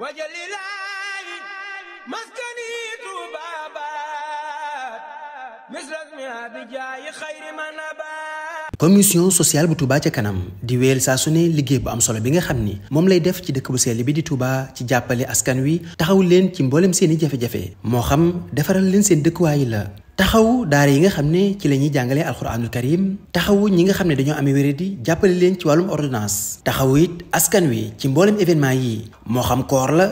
wajalilaayi maskani sociale bu Touba ca kanam di wéyal saa su ne liggéey bu am solo bi nga xam ni moom lay def ci dëkk bu sell bi di Touba ci jàppale askan wi taxaw leen ci mboolem seeni jafe-jafe moo xam defaral leen seen dëkkuwaayu la taxawu daara yi nga xam ne ci la ñuy jàngalee alxuraanul karim taxawu ñi nga xam ne dañoo amee wéradi jàppale leen ci wàllum ordonnance taxawu it askan wi ci mboolem événement yi moo xam koor la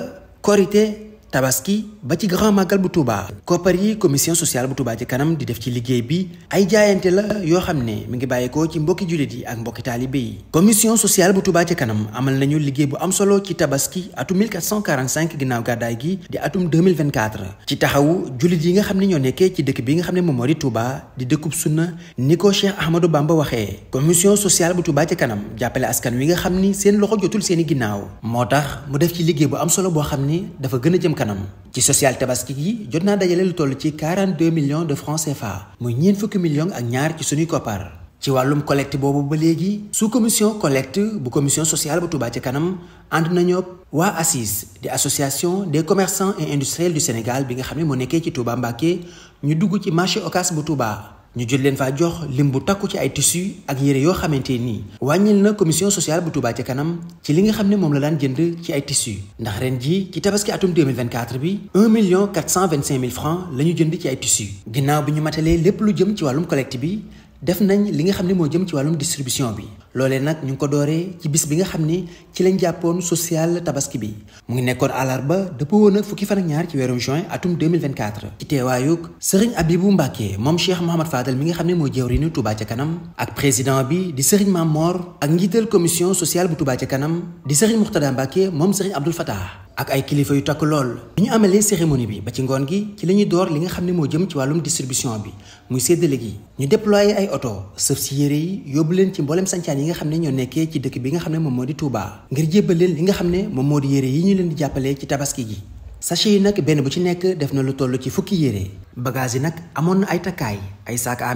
korite tabaski ba ci grand magal bu Touba. koppar yi commission sociale bu Touba ci kanam di def ci liggéey bi ay jaayante la yoo xam ne mu ngi bàyyeekoo ci mbokki jullit yi ak mbokki taalibe yi. commission sociale bu Touba ci kanam amal nañu liggéey bu am solo ci tabaski atum 1445 ginnaaw gàddaay gi di atum 2024. ci taxawu jullit yi nga xam ne ñoo nekkee ci dëkk bi nga xam ne moom moo di Touba di dëkkub sunna ni ko Cheikh Ahmadou Bamba waxee. commission sociale bu Touba ci kanam jàppale askan wi nga xam ni seen loxo jotul seen ginnaaw. moo tax mu def ci liggéey bu am solo boo xam ni dafa gën a kanam ci social tabaski yi jot naa dajale lu toll ci 42 millions de francs fa muy ñeent fukki millions ak ñaar ci suñuy koppar ci wàllum collecte boobu ba léegi su commission collecte bu commission sociale bu Touba ci kanam ànd nañoo waa assis di association des commerçants et industriels du Sénégal bi nga xam ne moo nekkee ci Touba Mbacké ñu dugg ci marché ocas bu Touba ñu jël leen faa jox lim bu takku ci ay tissus ak yére yoo xamante nii wàññil na commission sociale bu Touba ca kanam ci li nga xam ne moom la daan jënd ci ay tissus ndax ren jii ci tabaski atum 2024 bi 1 million 425 mille francs la ñu jënd ci ay tissus ginnaaw bi ñu matalee lépp lu jëm ci wàllum collecte bi def nañ li nga xam ne moo jëm ci wàllum distribution bi loolee nag ñu ngi ko dooree ci bis bi nga xam ne ci lañ jàppoon social tabaski bi mu ngi nekkoon àllarba dëppoo woon ak fukki fan ak ñaar ci weeru juin atum 2024 ci teewaayug sëriñ Abibu Mbàkke moom Cheikh Mouhamad Fadal mi nga xam ne mooy moo jëwriñu Touba ca kanam ak président bi di sëriñ Mamor ak njiital commission sociale bu Touba ca kanam di sëriñ Muxtada Mbàkke moom sëriñ Abdul Fatah ak ay kilifa yu takk lool. bi ñu amalee cérémonie bi ba ci ngoon gi ci la ñuy door li nga xam ne moo jëm ci wàllum distribution bi muy séddale gi ñu déployé ay oto sëf si yére yi yóbbu leen ci mboolem sancaan yi nga xam ne ñoo nekkee ci dëkk bi nga xam ne moom moo di Touba. ngir jébbal li nga xam ne moom moo di yére yi ñu leen di jàppalee ci tabaski gi. sachet yi nag benn bu ci nekk def na lu toll ci fukki yére. bagage yi nag amoon na ay takkaay ay sac à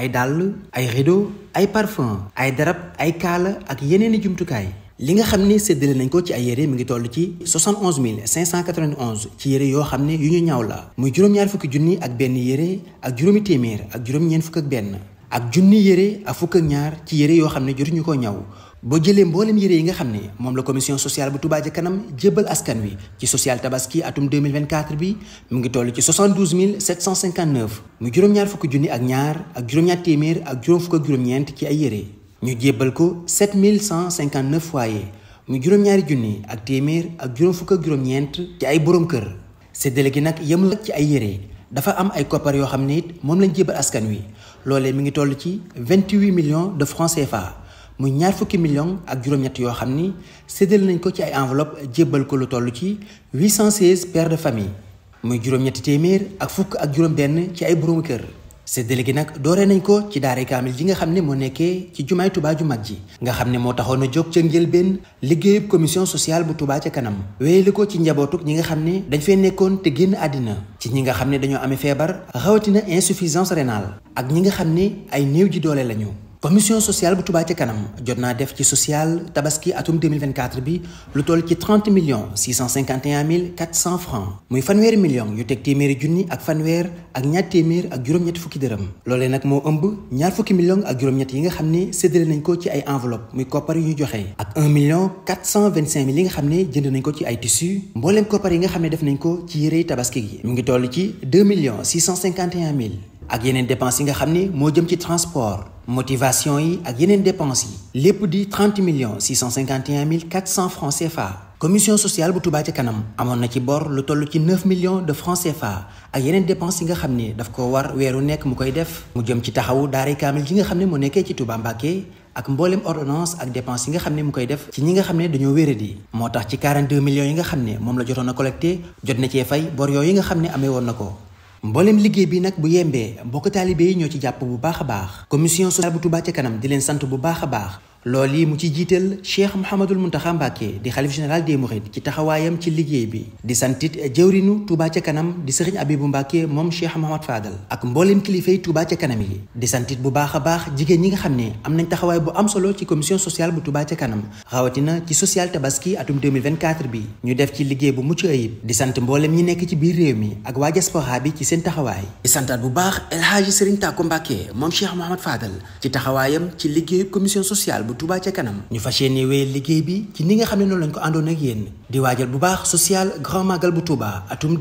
ay dàll ay rideau ay parfum ay darab ay kaala ak yeneeni jumtukaay. li nga xam ne séddale nañ ko ci ay yére mi ngi toll ci 71 591 ci yére yoo xam ne yu ñu ñaaw la muy juróom-ñaar fukki junni ak benn yére ak juróomi ak juróom-ñeent fukk ak benn ak junni yére fukk ñaar ci yére yoo xam ne jotuñu ko ñaw boo jëlee mboolem yére yi nga xam ne moom la commission sociale bu Touba Ca Kanam askan wi ci social tabaski atum 2024 bi mu ngi toll ci 72 759 mu juróom-ñaar fukki junni ak ñaar ak juróom-ñaar téeméer ak juróom fukk ak juróom-ñeent ci ay yére ñu jébbal ko 7159 foyers mu juróom-ñaari junni ak téeméer ak juróom fukk ak juróom-ñeent ci ay borom kër séddale gi nag yemul ci ay yére dafa am ay koppar yoo xam ne it moom lañ jébbal askan wi loolee mi ngi toll ci 28 millions de francs CFA muy ñaar fukki millions ak juróom-ñett yoo xam ni séddale nañ ko ci ay enveloppe jébbal ko lu toll ci 816 pères de famille muy juróom-ñetti téeméer ak fukk ak juróom-benn ci ay borom kër. séddale gi nag doore nañ ko ci daare kaamil ji nga xam ne moo nekkee ci jumaay Touba mag ji nga xam ne moo taxoon a jóg ca njëlbéen liggéeyub commission sociale bu tubaa ca kanam wéyale ko ci njabootuk ñi nga xam ne dañ fee nekkoon te génn àddina ci ñi nga xam ne dañoo amee feebar rawatina insuffisance rénale ak ñi nga xam ne ay néew ji doole lañu commission sociale bu Touba ca kanam jot naa def ci social tabaski atum 2024 bi lu toll ci 30 millions 651 mille 400 francs muy fanweeri millions yu teg téeméeri junni ak fanweer ak ñaar téeméer ak juróom-ñetti fukki dërëm loolee nag moo ëmb ñaar fukki millions ak juróom-ñett yi nga xam ne séddale nañ ko ci ay enveloppe muy koppar yu ñu joxe ak 1 million 425 mille yi nga xam ni jënd nañ ko ci ay tissus mbooleem koppar yi nga xam ne def nañ ko ci yérey tabaski gi mu ngi toll ci 2 millions 651 mille ak yeneen dépense yi nga xam ne moo jëm ci transport motivation yi ak yeneen dépenses yi lépp di 30 millions 651 mille 400 francs CFA. commission sociale bu Touba ca kanam amoon na ci bor lu toll ci 9 millions de francs CFA ak yeneen dépenses yi nga xam ne daf ko war weeru nekk mu koy def mu jëm ci taxawu daaray kaamil yi nga xam ne mu nekkee ci Touba Mbacké ak mboolem ordonnance ak dépense yi nga xam ne mu koy def ci ñi nga xam ne dañoo wéradi moo tax ci 42 millions yi nga xam ne moom la jotoon a collecté na cee fay bor nga xam ne amee na ko mboolem liggéey bi nag bu yembee mbokk taalibe yi ñoo ci jàpp bu baax a baax commission sociale bu Touba kanam di leen sant bu baax a baax loolu yi mu ci jiital Cheikh Mouhamadul Mountakha Mbacké di xalif général des Mourides ci taxawaayam ci liggéey bi di santit jëwrinu Touba ca kanam di sëriñ Abibu Mbacké moom Cheikh Mouhamad Fadal ak mbooleem kilifay Touba ca kanam yi di santit bu baax a baax jigéen ñi nga xam ne am nañ taxawaay bu am solo ci commission sociale bu Touba ca kanam rawatina ci social tabaski atum 2024 bi ñu def ci liggéey bu mucc ayib di sant mbooleem ñi nekk ci biir réew mi ak waa diaspora bi ci seen taxawaay di santaat bu baax El Hadji Sëriñ Tàkko Mbacké moom Cheikh Mouhamad Fadal ci taxawaayam ci liggéey commission sociale bu Touba ca kanam ñu fas yéene wéyal liggéey bi ci ni nga xam ne noonu lañ ko àndoon ak yéen di waajal bu baax social grand magal bu Touba atum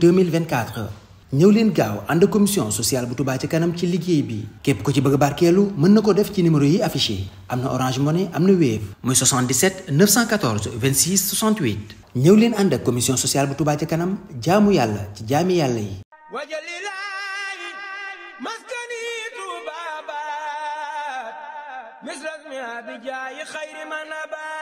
ñëw leen gaaw ànd commission sociale bu Touba ca kanam ci liggéey bi képp ko ci bëgg barkeelu mën na ko def ci numéro yi affiché am na Orange Money am na Wave muy 77 914 26 68 ñëw leen ànd ak commission sociale bu Touba ca kanam jaamu yàlla ci jaami yàlla yi misras mi abi jaayi xayri man abaa